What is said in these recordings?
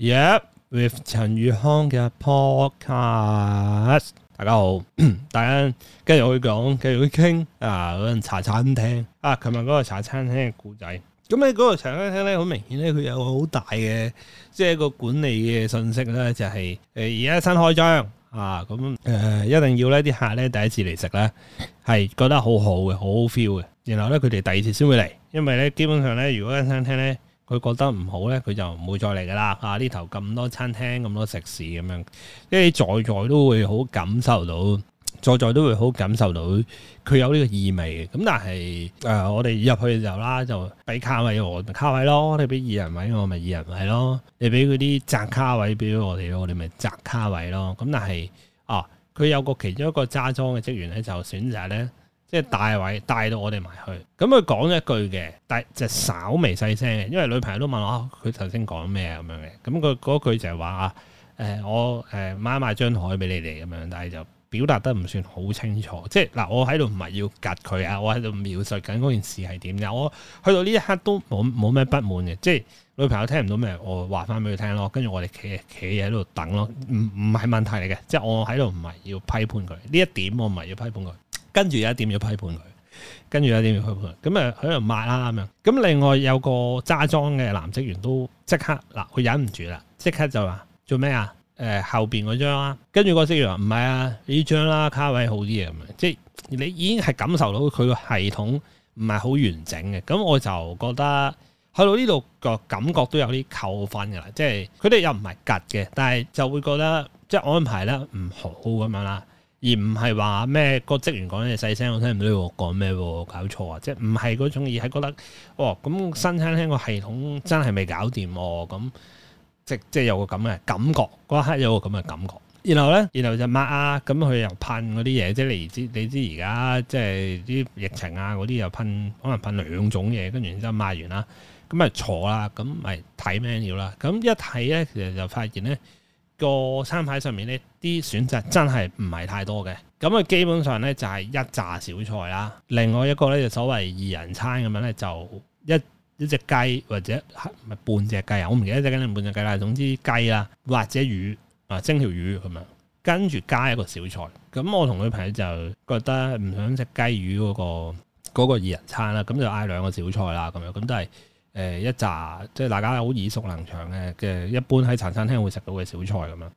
Yep，with 陳宇康嘅 podcast，大家好，大家跟住我去講，繼續去傾啊嗰、啊、個茶餐廳啊，琴日嗰個茶餐廳嘅故仔。咁喺嗰個茶餐廳咧，好明顯咧，佢有個好大嘅，即係一個管理嘅信息咧，就是，就係誒而家新開張啊，咁誒、呃、一定要呢啲客咧第一次嚟食咧係覺得好，好好嘅，好 feel 嘅，然後咧佢哋第二次先會嚟，因為咧基本上咧如果間餐廳咧。佢覺得唔好咧，佢就唔會再嚟噶啦。啊，呢頭咁多餐廳、咁多食肆咁樣，即係在座都會好感受到，在座都會好感受到佢有呢個意味嘅。咁但係誒、呃，我哋入去嘅時候啦，就俾卡位我卡位咯，你俾二人位我咪二人位咯，你俾嗰啲窄卡位俾我哋咯，我哋咪窄卡位咯。咁但係啊，佢有個其中一個揸莊嘅職員咧，就選擇咧。即係帶位帶到我哋埋去，咁佢講一句嘅，但就稍微細聲嘅，因為女朋友都問我佢頭先講咩咁樣嘅，咁佢嗰句就係話啊，誒我誒買買張枱俾你哋咁樣，那個那個呃呃、買買但係就表達得唔算好清楚，即係嗱，我喺度唔係要夾佢啊，我喺度描述緊嗰件事係點嘅，我去到呢一刻都冇冇咩不滿嘅，即係女朋友聽唔到咩，我話翻俾佢聽咯，跟住我哋企企喺度等咯，唔唔係問題嚟嘅，即係我喺度唔係要批判佢呢一點，我唔係要批判佢。跟住有一點要批判佢，跟住有一點要批判，咁啊喺度抹啦咁樣。咁、嗯嗯、另外有個揸莊嘅男職員都即刻嗱，佢、啊、忍唔住啦，即刻就話做咩、呃、啊？誒，後邊嗰張啦。」跟住個職員話唔係啊呢張啦，卡位好啲啊，咁、嗯、樣即係你已經係感受到佢個系統唔係好完整嘅。咁、嗯、我就覺得去到呢度個感覺都有啲扣分噶啦，即係佢哋又唔係近嘅，但係就會覺得即係安排得唔好咁樣啦。嗯嗯嗯而唔係話咩個職員講嘢細聲，我聽唔到佢講咩喎？搞錯啊！即係唔係嗰種意，係覺得，哦，咁、嗯、新餐廳個系統真係未搞掂喎！咁、哦嗯、即即係有個咁嘅感覺，嗰刻有個咁嘅感覺。然後咧，然後就抹啊，咁、嗯、佢又噴嗰啲嘢，即係你知你知而家即係啲疫情啊嗰啲又噴，可能噴兩種嘢，跟住之後就抹完啦，咁咪坐啦，咁咪睇咩料啦？咁、嗯嗯、一睇咧，其實就發現咧。個餐牌上面呢啲選擇真係唔係太多嘅。咁佢基本上呢就係一紮小菜啦。另外一個呢就所謂二人餐咁樣呢，就一一隻雞或者係半隻雞啊，我唔記得一隻雞定半隻雞啦。總之雞啦，或者魚啊，蒸條魚咁樣，跟住加一個小菜。咁我同女朋友就覺得唔想食雞魚嗰個嗰個二人餐啦，咁就嗌兩個小菜啦咁樣，咁都係。誒一紮即係大家好耳熟能詳嘅嘅，一般喺茶餐廳會食到嘅小菜咁樣。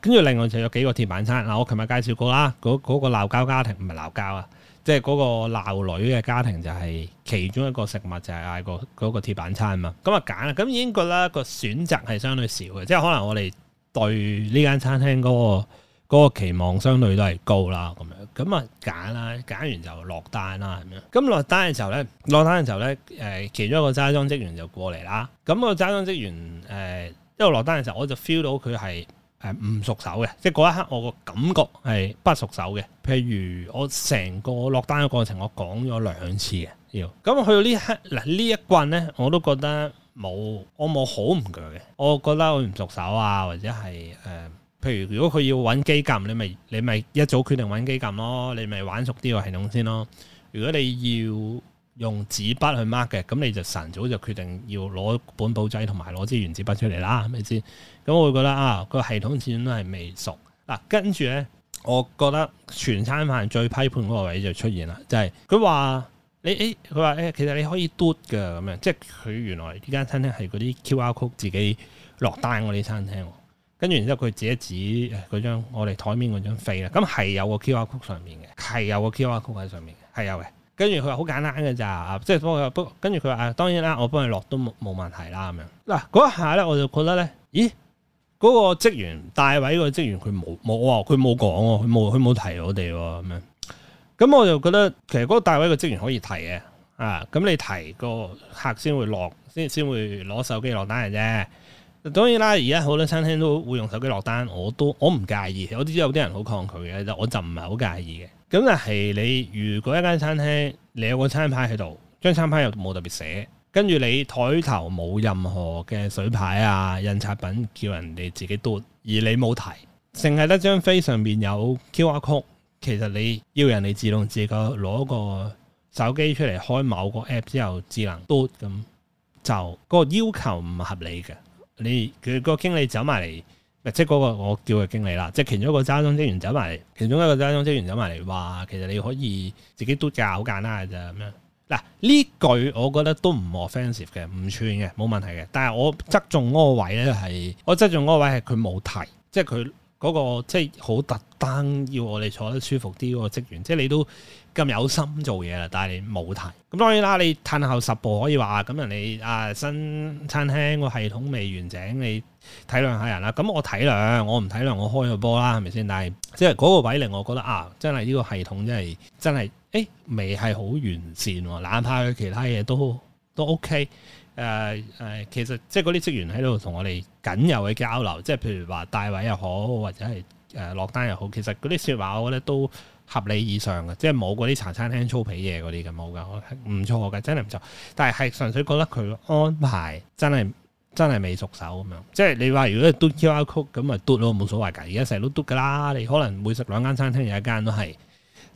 跟住另外就有幾個鐵板餐嗱，我琴日介紹過啦，嗰、那、嗰個鬧交家庭唔係鬧交啊，即係嗰個鬧女嘅家庭就係其中一個食物就係嗌個嗰個鐵板餐啊嘛。咁啊揀啦，咁已經覺得個選擇係相對少嘅，即係可能我哋對呢間餐廳嗰個。嗰個期望相對都係高啦，咁樣咁啊，揀啦，揀完就落單啦，咁樣。咁落單嘅時候咧，落單嘅時候咧，誒、呃，其中一個揸裝職員就過嚟啦。咁個揸裝職員誒，因、呃、為落單嘅時候，我就 feel 到佢係誒唔熟手嘅，即係嗰一刻我個感覺係不熟手嘅。譬如我成個落單嘅過程，我講咗兩次嘅要。咁去到呢一刻嗱，一呢一關咧，我都覺得冇，我冇好唔具嘅。我覺得我唔熟手啊，或者係誒。呃譬如如果佢要揾機撳，你咪你咪一早決定揾機撳咯，你咪玩熟啲個系統先咯。如果你要用紙筆去 mark 嘅，咁你就晨早就決定要攞本簿仔同埋攞支原子筆出嚟啦，係咪先？咁我會覺得啊，個、啊、系統始終都係未熟。嗱、啊，跟住咧，我覺得全餐飯最批判嗰個位就出現啦，就係佢話你誒，佢話誒，其實你可以嘟㗎咁樣，即係佢原來呢間餐廳係嗰啲 QR code 自己落單嗰啲餐廳。跟住然之後佢指一指嗰張我哋枱面嗰張飛啦，咁係有個 QR code 上面嘅，係有個 QR code 喺上面嘅，係有嘅。跟住佢話好簡單嘅咋，即係不過不過，跟住佢話當然啦，我幫你落都冇冇問題啦咁樣。嗱，嗰一下咧，我就覺得咧，咦，嗰個職員帶位嗰個職員佢冇冇啊，佢冇講，佢冇佢冇提我哋咁樣。咁我就覺得其實嗰個帶位個職員可以提嘅啊，咁你提個客先會落，先先會攞手機落單嘅啫。當然啦，而家好多餐廳都會用手機落單，我都我唔介意。我知有啲人好抗拒嘅，我就唔係好介意嘅。咁但係你如果一間餐廳你有個餐牌喺度，張餐牌又冇特別寫，跟住你枱頭冇任何嘅水牌啊、印刷品叫人哋自己嘟。而你冇提，淨係得張飛上面有 QR code，其實你要人哋自動自覺攞個手機出嚟開某個 app 之後智能嘟。咁，就、個要求唔合理嘅。你佢個經理走埋嚟，即係嗰個我叫佢經理啦。即係其中一個揸莊職員走埋嚟，其中一個揸莊職員走埋嚟話：其實你可以自己都搞好簡單嘅啫咁樣。嗱，呢句我覺得都唔 offensive 嘅，唔串嘅，冇問題嘅。但係我側重嗰個位咧係，我側重嗰個位係佢冇提，即係佢嗰個即係好特登要我哋坐得舒服啲個職員，即係你都。咁有心做嘢啦，但係你冇提。咁當然啦，你褪後十步可以話咁人哋啊，新餐廳個系統未完整，你體諒下人啦。咁、嗯、我體諒，我唔體諒，我開個波啦，係咪先？但係即係嗰個位令我覺得啊，真係呢個系統真係真係，誒、欸、未係好完善。哪怕佢其他嘢都都 OK，誒、呃、誒、呃，其實即係嗰啲職員喺度同我哋僅有嘅交流，即係譬如話帶位又好，或者係誒落單又好，其實嗰啲説話我覺得都合理以上嘅，即係冇嗰啲茶餐廳粗鄙嘢嗰啲嘅，冇噶，唔錯嘅，真係唔錯。但係係純粹覺得佢安排真係真係未熟手咁樣。即係你話如果係嘟 QR Code 咁咪嘟咯，冇所謂噶。而家成日都嘟 o 噶啦，你可能每食兩間餐廳有一間都係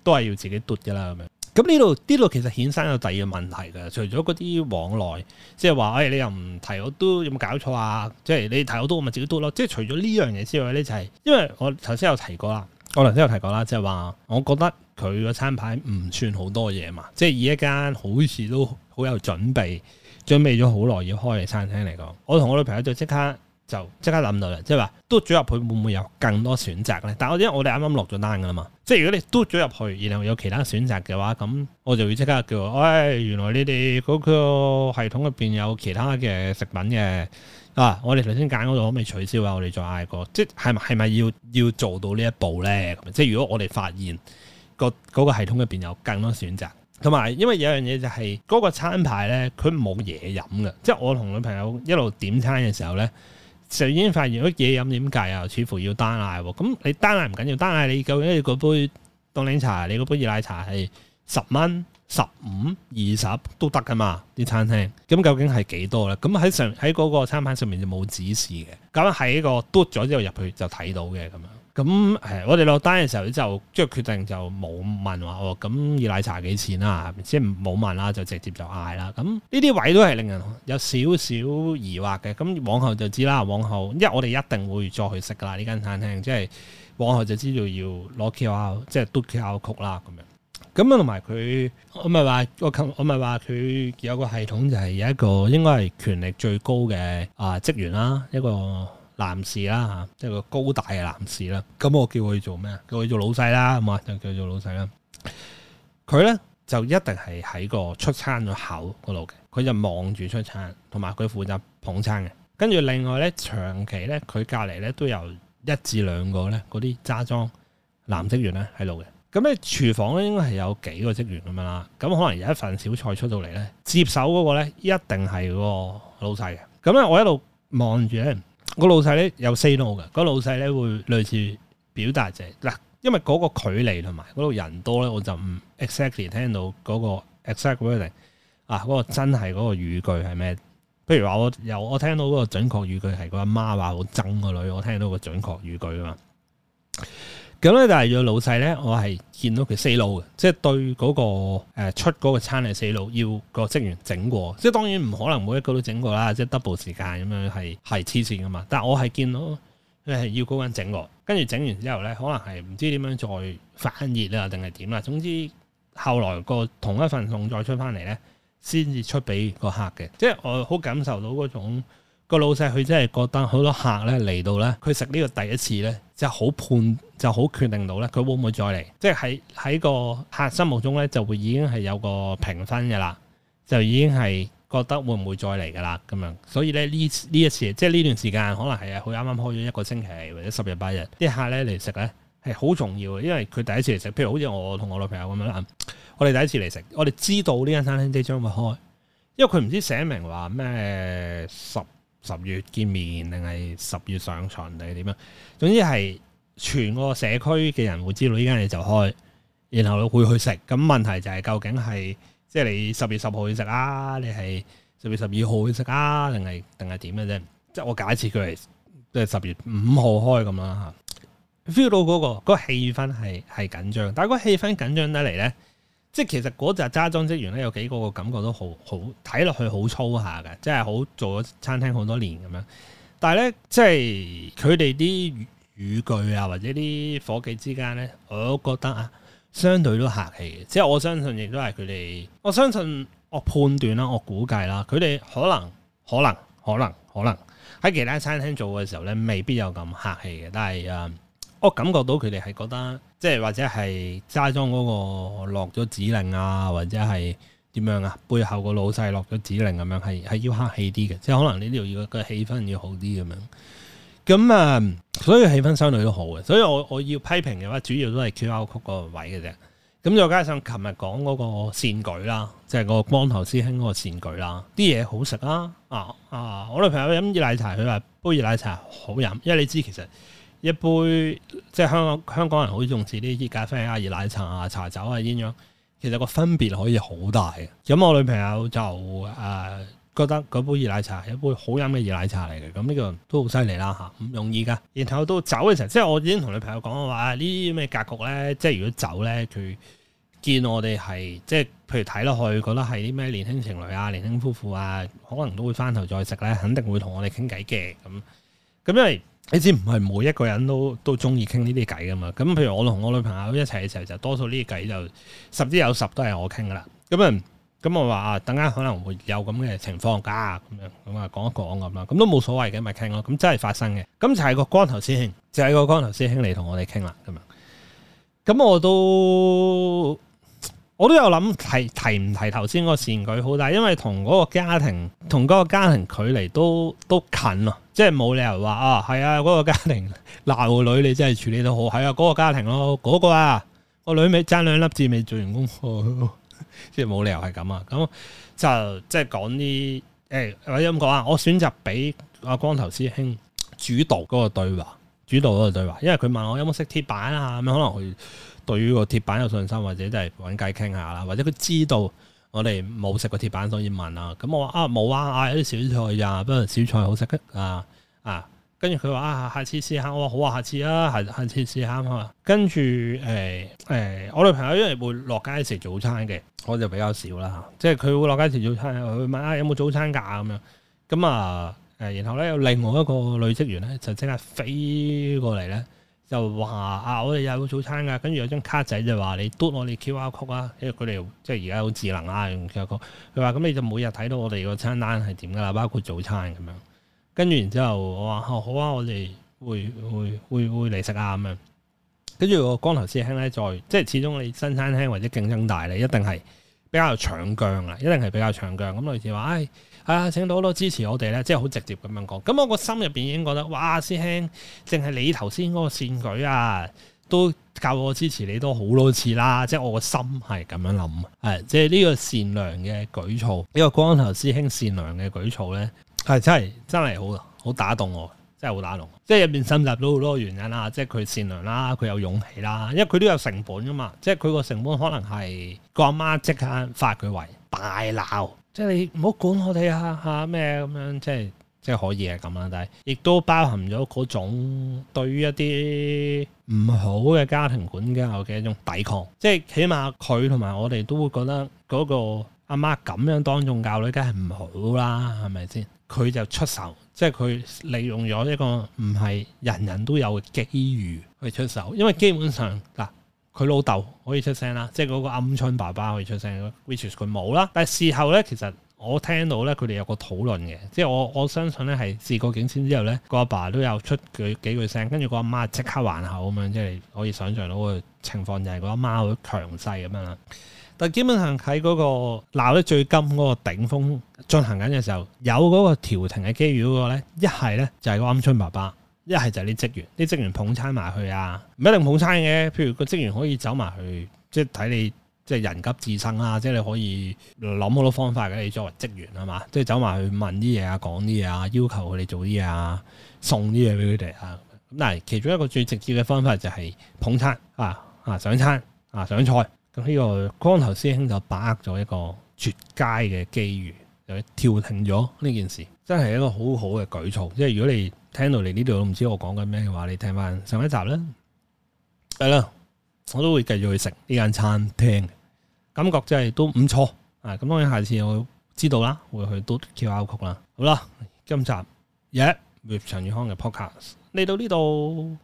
都係要自己嘟 o 嘅啦咁樣。咁呢度呢度其實衍生有第二個問題嘅，除咗嗰啲往來，即係話誒你又唔提我，我嘟，有冇搞錯啊？即係你我我提我嘟，我咪自己嘟 o 咯。即係除咗呢樣嘢之外咧，就係因為我頭先有提過啦。我頭先有提過啦，即係話，我覺得佢個餐牌唔算好多嘢嘛，即係以一間好似都好有準備、準備咗好耐要開嘅餐廳嚟講，我同我女朋友就即刻就即刻諗到啦，即係話，嘟咗入去會唔會有更多選擇咧？但係我因為我哋啱啱落咗單噶啦嘛，即係如果你嘟咗入去，然後有其他選擇嘅話，咁我就會即刻叫，誒、哎，原來你哋嗰個系統入邊有其他嘅食品嘅。啊！我哋頭先揀嗰度可唔可以取消啊？我哋再嗌過，即係係咪要要做到呢一步咧？即係如果我哋發現個嗰個系統入邊有更多選擇，同埋因為有樣嘢就係嗰個餐牌咧，佢冇嘢飲嘅。即係我同女朋友一路點餐嘅時候咧，就已經發現乜嘢飲點計啊？似乎要單嗌喎。咁你單嗌唔緊要，單嗌你究竟嗰杯凍檸茶，你嗰杯熱奶茶係？十蚊、十五、二十都得噶嘛？啲餐廳咁究竟係幾多咧？咁喺上喺嗰個餐牌上面就冇指示嘅，咁喺個嘟咗之後入去就睇到嘅咁樣。咁誒，我哋落單嘅時候就即係決定就冇問話哦。咁要奶茶幾錢啦？即係冇問啦，就直接就嗌啦。咁呢啲位都係令人有少少疑惑嘅。咁往後就知啦。往後因為我哋一定會再去食噶啦呢間餐廳，即係往後就知道要攞 QR code 即係嘟 QR code 曲啦咁樣。咁啊，同埋佢，我咪話我，咪話佢有個系統就係有一個應該係權力最高嘅啊職員啦，一個男士啦吓，即係個高大嘅男士啦。咁、啊嗯、我叫佢做咩？叫佢做老細啦，咁啊就叫佢做老細啦。佢、啊、咧就一定係喺個出餐個口嗰度嘅，佢就望住出餐，同埋佢負責捧餐嘅。跟住另外咧，長期咧，佢隔籬咧都有一至兩個咧嗰啲揸莊男職員咧喺度嘅。咁咧，廚房咧應該係有幾個職員咁樣啦。咁可能有一份小菜出到嚟咧，接手嗰個咧一定係個老細嘅。咁咧，我一路望住咧，個老細咧有 say no 嘅。個老細咧會類似表達者嗱，因為嗰個距離同埋嗰度人多咧，我就唔 exactly 聽到嗰個 exactly 啊，嗰、嗰個真係嗰個語句係咩？譬如話我有我聽到嗰個準確語句係個阿媽話好憎個女，我聽到個準確語句啊嘛。咁咧，但係個老細咧，我係見到佢死路嘅，即係對嗰、那個、呃、出嗰個餐係死路，要個職員整過，即係當然唔可能每一個都整過啦，即係 double 時間咁樣係係黐線㗎嘛。但係我係見到佢係、呃、要嗰個人整過，跟住整完之後咧，可能係唔知點樣再反熱啊，定係點啦？總之後來個同一份餸再出翻嚟咧，先至出畀個客嘅，即係我好感受到嗰種。個老細佢真係覺得好多客咧嚟到咧，佢食呢個第一次咧，就好判就好決定到咧，佢會唔會再嚟？即係喺個客心目中咧，就會已經係有個評分嘅啦，就已經係覺得會唔會再嚟嘅啦咁樣。所以咧呢呢一次，即係呢段時間可能係啊，佢啱啱開咗一個星期或者十日八日，啲客咧嚟食咧係好重要嘅，因為佢第一次嚟食，譬如好似我同我女朋友咁樣啦，我哋第一次嚟食，我哋知道呢間餐廳即將會開，因為佢唔知寫明話咩十。十月見面定係十月上床定係點樣？總之係全個社區嘅人會知道而家你就開，然後會去食。咁問題就係、是、究竟係即係你十月十號去食啊？你係十月十二號去食啊？定係定係點嘅啫？即係我假設佢係即係十月五號開咁樣吓，feel 到嗰、那個嗰、那個氣氛係係緊張，但係嗰個氣氛緊張得嚟咧。即係其實嗰扎家裝職員咧，有幾個個感覺都好好，睇落去好粗下嘅，即係好做咗餐廳好多年咁樣。但係咧，即係佢哋啲語句啊，或者啲伙計之間咧，我都覺得啊，相對都客氣嘅。即係我相信亦都係佢哋，我相信我判斷啦，我估計啦，佢哋可能可能可能可能喺其他餐廳做嘅時候咧，未必有咁客氣嘅。但係啊～、嗯我感覺到佢哋係覺得，即係或者係齋裝嗰個落咗指令啊，或者係點樣啊？背後個老細落咗指令咁、啊、樣，係係要客氣啲嘅，即係可能呢度要個氣氛要好啲咁樣。咁啊，所以氣氛相對都好嘅。所以我我要批評嘅話，主要都係 QR code 個位嘅啫。咁再加上琴日講嗰個善舉啦、啊，即、就、係、是、個光頭師兄嗰個善舉啦、啊，啲嘢好食啦、啊。啊啊，我女朋友飲熱奶茶，佢話杯熱奶茶好飲，因為你知其實。一杯即係香港香港人好重視啲熱咖啡啊，熱奶茶啊，茶酒啊鴛鴦，其實個分別可以好大嘅。咁我女朋友就誒、呃、覺得嗰杯熱奶茶係一杯好飲嘅熱奶茶嚟嘅，咁呢個都好犀利啦吓，唔容易噶。然後到走嘅時候，即係我已經同女朋友講嘅話，呢啲咩格局咧，即係如果走咧，佢見我哋係即係譬如睇落去，覺得係啲咩年輕情侶啊、年輕夫婦啊，可能都會翻頭再食咧，肯定會同我哋傾偈嘅。咁咁因為。你知唔係每一個人都都中意傾呢啲偈噶嘛？咁譬如我同我女朋友一齊嘅時候，就多數呢啲偈就十之有十都係我傾噶啦。咁、嗯、啊，咁、嗯嗯、我話啊，等陣可能會有咁嘅情況噶，咁樣咁啊講、嗯嗯、一講咁啦，咁、嗯、都冇所謂嘅，咪傾咯。咁、嗯、真係發生嘅，咁、嗯、就係、是、個光頭師兄，就係、是、個光頭師兄嚟同我哋傾啦。咁、嗯、樣，咁、嗯嗯、我都。我都有諗提提唔提頭先嗰個事，佢好大，因為同嗰個家庭，同嗰個家庭距離都都近啊，即係冇理由話啊，係啊嗰、那個家庭鬧個女，你真係處理得好，係啊嗰、那個家庭咯，嗰、那個啊、那個女未爭兩粒字未做完功課、哦啊嗯，即係冇理由係咁啊，咁就即係講啲誒或者咁講啊，我選擇俾阿光頭師兄主導嗰個對話，主導嗰個對話，因為佢問我有冇識貼板啊，咁可能佢。對於個鐵板有信心，或者都係揾偈傾下啦，或者佢知道我哋冇食過鐵板，所以問啦。咁我話啊冇啊，啊，啲小菜呀，不過小菜好食嘅啊啊。跟住佢話啊，下次試下。我話好啊，下次啊，下次試下，次試下啊。跟住誒誒，我女朋友因為會落街食早餐嘅，我就比較少啦嚇。即係佢會落街食早餐，去問啊有冇早餐價咁樣。咁啊誒，然後咧有另外一個女職員咧就即刻飛過嚟咧。就話啊，我哋有早餐噶，跟住有張卡仔，就話你嘟我哋 QR code 啊，因為佢哋即係而家好智能啊，用 QR code。佢話咁你就每日睇到我哋個餐單係點噶啦，包括早餐咁樣。跟住然之後我話好啊，我哋會、嗯、會會會嚟食啊咁樣。跟住個光頭師兄咧，再即係始終你新餐廳或者競爭大，你一定係。比較強硬啦，一定係比較強硬咁，類似話，唉、哎，係啊，請到好多支持我哋咧，即係好直接咁樣講。咁我個心入邊已經覺得，哇，師兄，淨係你頭先嗰個善舉啊，都教我支持你都好多次啦，即係我個心係咁樣諗，係、哎、即係呢個善良嘅舉措，呢個光頭師兄善良嘅舉措咧，係、哎、真係真係好，好打動我。真係好打龍，即係入邊滲入到好多原因啦，即係佢善良啦，佢有勇氣啦，因為佢都有成本噶嘛，即係佢個成本可能係個阿媽即刻發佢圍大鬧，即係你唔好管我哋啊嚇咩咁樣，即係即係可以啊咁樣，但係亦都包含咗嗰種對於一啲唔好嘅家庭管教嘅一種抵抗，即係起碼佢同埋我哋都會覺得嗰個阿媽咁樣當眾教女，啊，梗係唔好啦，係咪先？佢就出手。即係佢利用咗一個唔係人人都有嘅機遇去出手，因為基本上嗱，佢老豆可以出聲啦，即係嗰個鵪鶉爸爸可以出聲咯，which 係佢冇啦。但事後咧，其實我聽到咧，佢哋有個討論嘅，即係我我相信咧係事過境遷之後咧，個阿爸都有出佢幾句聲，跟住個阿媽即刻還口咁樣，即係你可以想象到個情況就係個阿媽好強勢咁樣啦。但基本上喺嗰個鬧得最甘嗰個頂峯進行緊嘅時候，有嗰個調停嘅機遇嗰個咧，一係咧就係個鵪鶉爸爸，一係就係啲職員。啲職員捧餐埋去啊，唔一定捧餐嘅。譬如個職員可以走埋去，即係睇你即係人急智生啊，即係你可以諗好多方法嘅。你作為職員啊嘛，即係走埋去問啲嘢啊，講啲嘢啊，要求佢哋做啲嘢啊，送啲嘢俾佢哋啊。咁但係其中一個最直接嘅方法就係捧餐啊啊上餐啊上菜。啊。咁呢個光頭師兄就把握咗一個絕佳嘅機遇，又、就是、調停咗呢件事，真係一個好好嘅舉措。即係如果你聽到嚟呢度都唔知我講緊咩嘅話，你聽翻上一集啦。係啦，我都會繼續去食呢間餐廳，感覺真係都唔錯啊！咁當然下次我知道啦，會去都 QR code 啦。好啦，今集 Yeah with 陳宇康嘅 Podcast 嚟到呢度，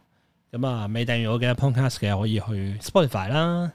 咁啊未訂閱我嘅 Podcast 嘅可以去 Spotify 啦。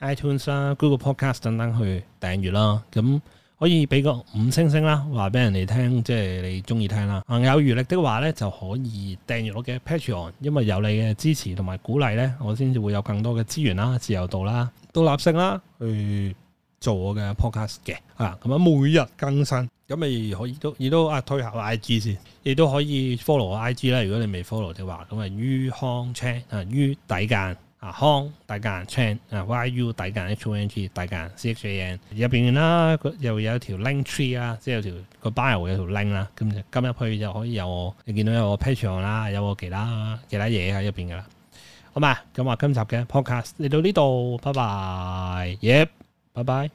iTunes 啦、Google Podcast 等等去訂閱啦，咁、嗯、可以俾個五星星啦，話俾人哋聽，即係你中意聽啦。啊、有餘力的話咧，就可以訂閱我嘅 Patreon 因為有你嘅支持同埋鼓勵咧，我先至會有更多嘅資源啦、自由度啦、獨立性啦，去做我嘅 podcast 嘅。啊，咁、嗯、啊每日更新，咁咪可以都亦都啊推下我 IG 先，亦都可以 follow 我 IG 啦。如果你未 follow 嘅話，咁啊於康 check 啊於底間。啊康大間 c h a n 啊 YU 大間 HONG 大間 c x a n 入邊啦，佢、啊、又有一條 link tree, tree 啊，即係有條個 bio 會有條 link 啦，咁今日去就可以有我你見到有個 Patreon 啦，有個其他其他嘢喺入邊噶啦，好嘛？咁、啊、話今集嘅 podcast 嚟到呢度，拜拜，Yep，拜拜。